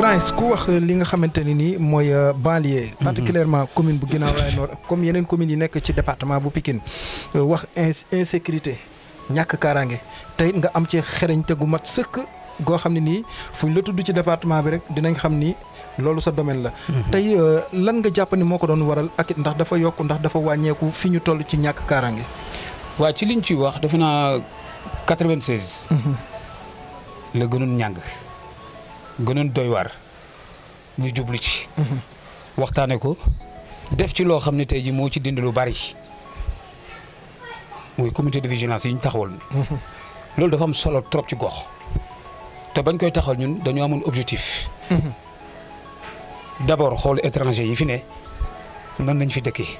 Grand ku wax li nga xamante ne nii mooy euh, banlieue. Mhm. particulièrement commune bu Guinaw Rails Nord comme yeneen communes yi nekk ci département bu Pikine euh, wax insécurité ñàkk kaaraange tey nga am ci xereñte gu mat sëkk goo xam ne nii fuñ la tudd ci département bi rek dinañ xam ni loolu sa domaine la. Mhm. tey euh, lan nga jàpp ni moo ko doon waral ak ndax dafa yokk ndax dafa wàññeeku fi ñu toll ci ñàkk kaaraange. waa ci liñ ci wax defe naa 96. Mhm. la gënoon ñàng. gënoon doy waar ñu jublu ci. waxtaane ko def ci loo xam ne tey jii moo ci dindi lu bari muy comité de vigilance yi ñu taxawal. loolu dafa am solo trop ci gox te bañ koy taxawal ñun dañoo amoon objectif. d'abord xool étranger yi fi ne nan lañ fi dëkkee.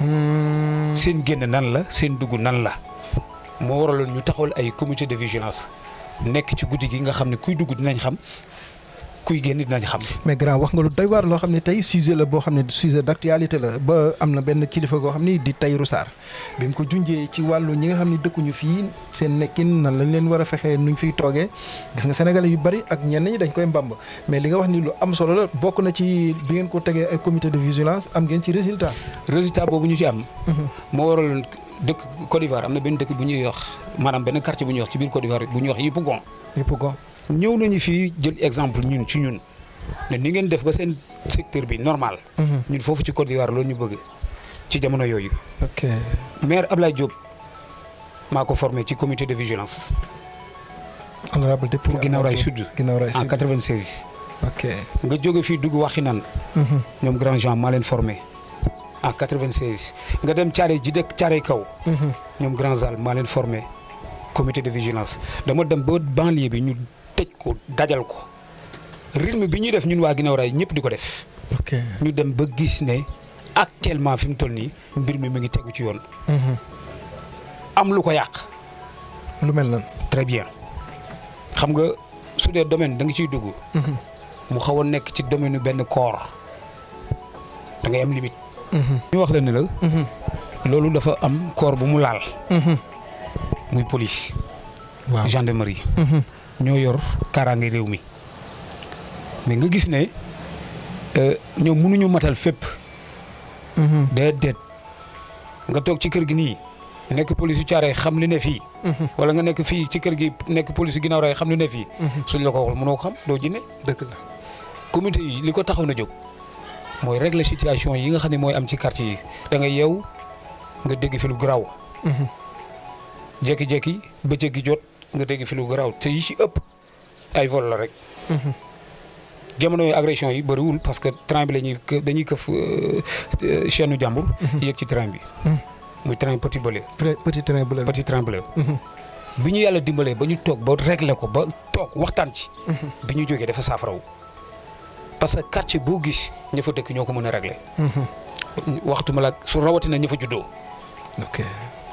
Hmm. seen génn nan la seen dugg nan la. moo waraloon ñu taxawal ay comité de vigilance nekk ci guddi gi nga xam ne kuy dugg dinañ xam kuy génn dinañ xam. mais grand wax nga lu doy waar loo xam ne tey sujet la boo xam ne sujet d' la ba am na benn kilifa goo xam ne di Tahirou Sarr bi mu ko junjee ci wàllu ñi nga xam ne dëkkuñu fii seen nekkin nan lañ leen war a fexee nuñ fi toogee gis nga sénégalais yu bari ak ñenn ñi dañ koy mbamb mais li nga wax ni lu am solo la bokk na ci bi ngeen ko tegee ay comité de vigilance am ngeen ci résultat. résultat boobu ñu ci am. Mhm. moo waraloon dëkk Côte d'Ivoire am na benn dëkk bu ñuy benn bu ñuy wax ci biir Côte d'Ivoire bu ñuy wax Yopougon. Yopougon. ñëw nañu fii jël exemple ñun ci ñun ne ni ngeen def ba seen secteur bi normal. Mhm. ñun foofu ci Côte d'Ivoire loolu ñu bëgg ci jamono yooyu. ok maire Ablaye Diop maa ko formé ci comité de vigilance. honorable député pour ginnaaw raay sud. ginnaaw raay sud en 96. ok nga jóge fii dugg waxi nan. Mhm. ñoom grand Jean maa leen formé en 96. nga dem Thiaré ji dëkk Thiaré kaw. Mhm. ñoom grand Zal maa leen formé comité de vigilance dama dem ba banlieue bi ñu. tej ko dajal ko rythme bi ñuy def ñun wa ginnaaw di def. ok ñu dem ba gis ne actuellement fim mu mbir mi mu ngi teggu ci yoon. Mhm. am lu ko yaq lu mel nan très bien xam nga su dee domaine da nga ci dugg. Mhm. mu xaw nek ci domaine ben koor da nga am limite. Mhm. ñu wax la ne la. lolu dafa am koor bu mu laal. muy police. gendarmerie. ñoo yor kaaraange réew mi mais nga gis ne euh, ñoom mënuñu matal fépp. Mm-hmm. déedéet nga toog ci kër gi nii nekk police yu caare xam li ne fii. Mm-hmm. wala nga nekk fii ci kër gi nekk police ginnaaw raay xam li ne fii. Mm-hmm. suñ la ko waxul mënoo xam doo jinne dëgg la comité yi li ko taxaw na jóg mooy rek régler situation yi nga xam ne mooy am ci quartier yi da nga yeew nga dégg fi lu garaaw. jékki bëccëg gi jot. nga dégg fi lu te yi ci ëpp ay vol la rek. jamono yooyu agression yi bëriwul parce que train bi la ñuy dañuy këf euh, chaîne nu jàmbur. yéeg bi. muy train petit bleu. petit train bleu petit train mhm. ñu yàlla dimbalee ba ñu toog ba réglé ko ba toog waxtaan ci. Mhm. bi ñu jógee dafa saafarawu parce que quartier boo gis ña dëkk ñoo ko mën a réglé. Mhm. waxtu ma la su rawatina ña juddoo.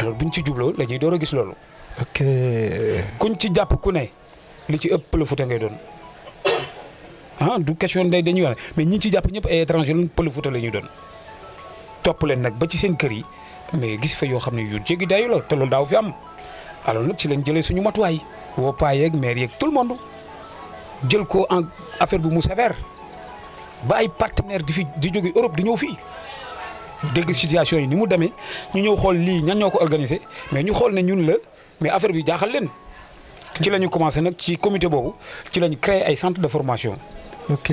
alors buñ ci djublo la doro gis lolu ok kuñ ci japp ku ne li ci ëpp pëlëfuta ngay doon han ah, du question day dañuy wax mais ñi ci japp ñep ay étranger lu pëlëfuta la lañuy doon top leen nak ba ci seen kër yi mais gis fa yo xam yu jéggi dayu la té lolu daaw fi am alors nak ci lañ jëlé suñu matuay wo paye ak maire ak tout le monde jël ko en affaire bu mu sévère ba ay partenaire di fi di jóge Europe di ñëw fi dégg situation yi ni mu demee ñu ñëw xool lii ñan ñoo ko mais ñu xool ne ñun la mais affaire bi jaaxal leen. ci la ñu commencé nag ci comité boobu ci la ñu créé ay centre de formation. ok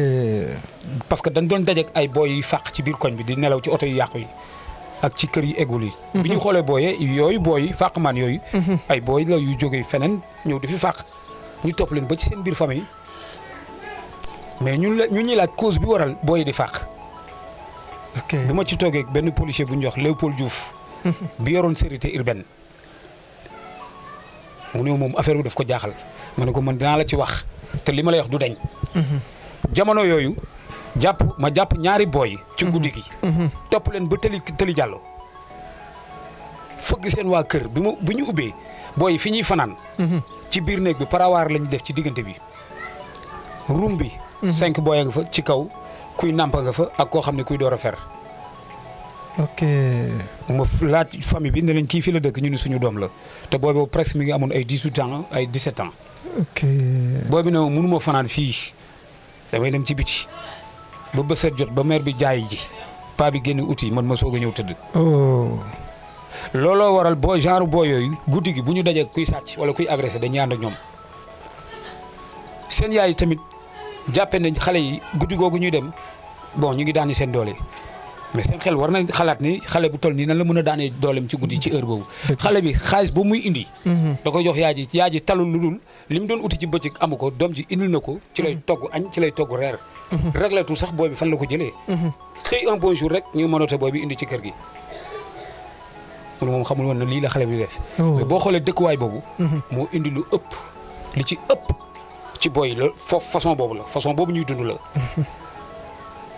parce que dañ doon dajeek ay booy yu fàq ci biir koñ bi di nelaw ci oto yu yàqu yi ak ci kër yi eggul mhm. yi. bi ñu xoolee yoy boy booy fàq man yoy mhm. ay boy la yu joggé feneen ñëw di fi faq ñu top leen ba ci seen biir famille mais ñun la ñu ñuy laaj cause bi waral booy di faq bi ma ci toogee benn policier bu ñu jox Léopold Diouf. bi yoroon sécurité urbaine. mu ne moom affaire bi daf ko jaaxal ma ne ko man dinaa la ci wax te li ma la wax du dañ. jamono yooyu jàpp ma jàpp ñaari booy. ci guddi gi. topp leen ba tëli tëli jàllo fëgg seen waa kër bi ma bi ñu ubbee booy fi ñuy fanaan. ci biir néeg bi parawaar lañu def ci diggante bi. ruum bi. ci kaw. kuy nàmpa nga fa ak koo xam ne kuy door a fer. ok. ma laaj famille bi ne leen kii fii la dëkk ñu ni suñu doom la te booy boobu presque mi ngi amoon ay dix-huit ans ay dix-sept ans. ok bi ne ma fanaan fii damay dem ci biti ba bësat jot ba maire bi jaay ji paa bi génn uti man ma soo a ñëw tëdd. oh. looloo waral boo genre boo yooyu guddi gi bu ñu dajee kuy sàcc wala kuy agressé dañuy ànd ak ñoom seen yaay tamit. jàppe nañ xale yi guddi googu ñuy dem bon ñu ngi daani seen doole mais seen xel war na xalaat ni xale bu toll nii nan la mën a daanee dooleem ci guddi ci heure boobu. xale bi xaalis bu muy indi. Mm-hmm. da koy jox yaay ji yaay ji talul lu dul li mu doon uti ci bëccëg amu ko doom ji indil na ko. ci lay mm-hmm. togg añ ci lay togg reer. Mm-hmm. réglatul sax booy bi fan la oh. lu ci ëpp. ci façon bobu la façon bobu ñuy dund la.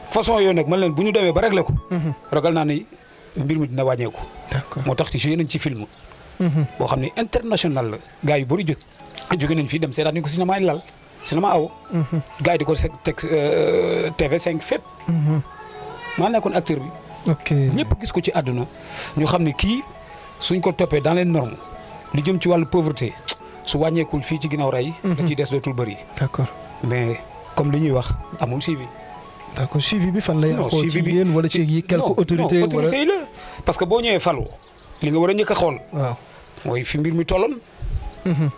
façon yo nak man buñu ba réglé ko. ragal ni mbir d'accord motax ci ci film. Mhm. bo international la nuit yu bari nañ dem ko cinéma cinéma mhm. TV5 euh, mhm. mal acteur bi. ok gis ko ci aduna ñu xamni ne suñ ko dans les normes li jëm ci pauvreté su wàññeekul fii ci ginnaaw ray la mhm. ciy des dootul bëri. mais comme lu ñuy wax amul suivi. d'accord suivi bi fan lay. non suivi bi yéen wala ci yi quelques yi la parce que boo ñëwee falu li nga war a njëkk xool. mooy fi mbir mi tolloon. Mhm.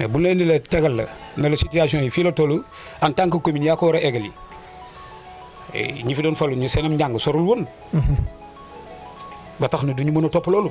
mais bu leen di la tegal la ne la situation yi fii la toll en tant que commune yaa ko war a eggali ñi fi doon falu ñu seenam njàng sorul woon. Mhm. ba tax na du ñu mën a topp loolu.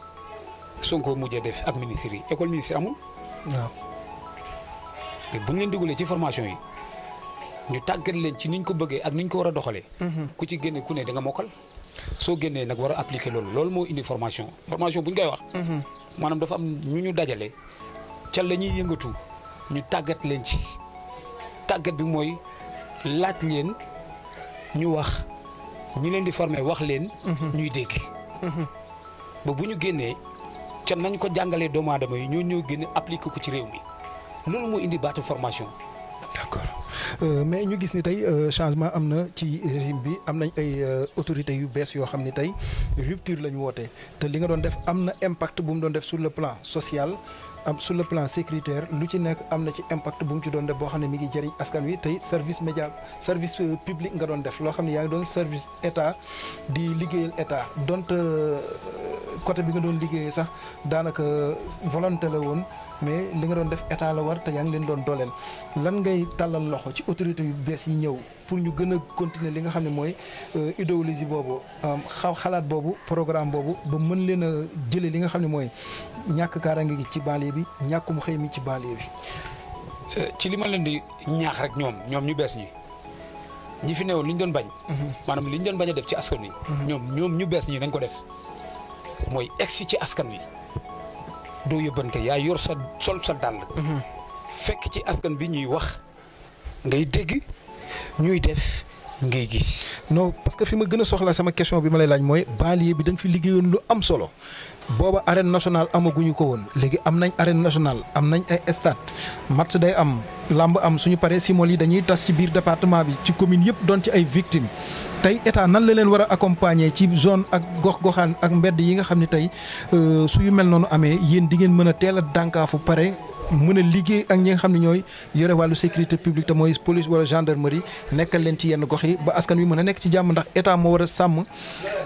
Sonko mujjee def ak ministre école ministre amul. waaw te bu ñu ci formation yi ñu tàggat leen ci niñ ko bëggé ak niñ ko wara doxalé mhm. ku ci génné ku né da nga mokal so génné nak wara a appliquer lool lool mo indi formation formation bu ñu koy wax. manam mhm. dafa am ñu ñu dajale ca lañuy yëngatu ñu tàggat leen ci tàggat bi moy laaj leen ñu wax ñi leen di former wax leen. Mhm. ñuy dégg. ba bu ñu génnee. ca nañu ko jàngalee doomu aadama yi ñoo ñoo gën a ko ci réew mi loolu moo indi baatu formation. d'accord euh, mais ñu gis ni tey euh, changement am na ci régime bi am nañ ay euh, autorités yu bees yoo xam ni tey rupture la ñu woote te li nga doon def am na impact bu mu doon def sur le plan social am sur le plan sécuritaire lu ci nekk am na ci impact bu mu ci doon def boo xam ne mi ngi jëriñ askan wi tey service médial service public nga doon def loo xam ne yaa ngi doon service état di liggéeyal état donte euh, côté bi nga doon liggéeyee sax daanaka volonté la woon mais li nga doon def état la war te yaa ngi leen doon dooleel lan ngay tàllal loxo ci autorité bees yi ñëw. pour ñu gën a continuer li nga xam ne mooy euh, idéologie boobu xaw xalaat boobu programme boobu ba mën leen a jëlee li nga xam ne mooy ñàkk kaaraange gi ci banlieue bi ñàkkum xëy mi ci banlieue bi. Euh, ci li ma leen di ñaax rek ñoom ñoom ñu bees ñi ñi fi newoon li ñu doon bañ. Mhm. maanaam li ñu doon bañ a def ci askan wi. Mhm. ñoom ñoom ñu bees ñi dañ ko def mooy egsi ci askan wi doo yóbbante yaa yor sa sol sa dàll. Mhm. fekk ci askan bi ñuy wax ngay dégg. ñuy def ngay gis. non parce que fi ma gën a soxla sama question bi ma lay laaj mooy banlieue bi dañ fi liggéeyoon lu am solo booba arène nationale amaguñu ko woon léegi am nañ arène nationale am nañ ay stade match day am làmb am suñu paree simol yi dañuy tas ci biir département bi ci commune yëpp doon ci ay victimes tey état nan la leen war a accompagner ci zone ak gox-goxaan ak mbedd yi nga xam ne tey euh, su yu mel noonu amee yéen di ngeen mën a teel a dànkaafu pare. mën a liggéey ak ñi nga xam ne ñooy yore wàllu sécurité publique te mooy police wala gendarmerie nekkal leen ci yenn gox yi ba askan wi mën a nekk ci jàmm ndax état moo war a sàmm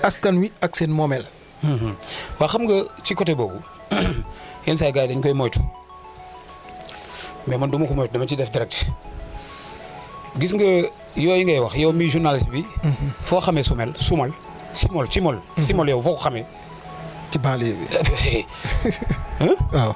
askan wi ak seen moomeel. Mhm. waaw xam nga ci côté boobu yenn saa yi gars yi dañ koy moytu mais man duma ko moytu dama ci def direct gis nga yooyu ngay wax yow mi journaliste bi. Mhm. foo xamee sumel sumal simol cimol. Mhm. simol yow foo ko xamee. ci baale bi. waaw.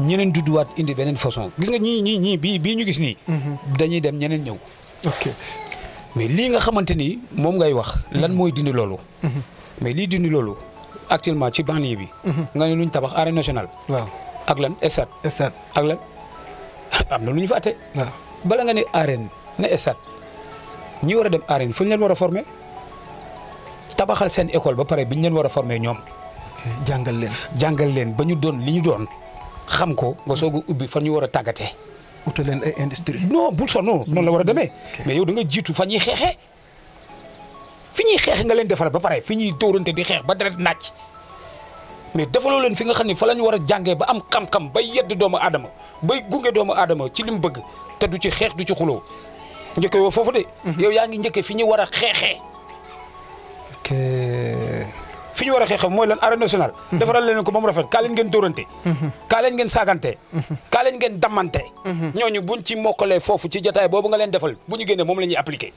ñeneen wat indi benen façon gis nga ñi ñi ñi bi bi ñu gis ni mhm. dañuy dem ñeneen ñew ok mais li nga xamanteni mom ngay wax. lan moy mhm. dindi lolu mhm. mais li dindi lolu actuellement ci banlieue bi. nga ne luñ tabax arène nationale. waaw ak lan esat esat ak lan am na lu ñu fa aren. waaw bala nga ne arène ne esat ñi war dem arène fu leen war former tabaxal sen école ba pare bi leen war former ñom jangal len jangal len bañu don liñu don xam ko nga soog a ubbi fa ñuy war a tàggatee. utal leen ay industrie non bul sonn noonu la war a demee. mais yow da nga jiitu fa ñuy xeexee fi ñuy xeex nga leen defal ba pare fi ñuy dóorante di xeex ba deret naaj mais defaloo leen fi nga xam ne fa lañu war a jàngee ba am xam-xam bay yedd doomu adama bay gunge doomu aadama ci li mu bëgg te du ci xeex du ci xuloo njëkkee woo foofu de. Mhm. yow yaa ngi njëkkee fi ñu war a xeexee. fi ñu war a xeexam mooy lan arène nationale mhm. defaral leen ko ba mu rafet leen ngeen dóorante mhm. kaa leen ngeen saagante mhm. kaa leen ngeen dammante ñooñu buñ ci mokkalee foofu ci jotaay boobu nga leen defal bu ñu génnee moom la ñuy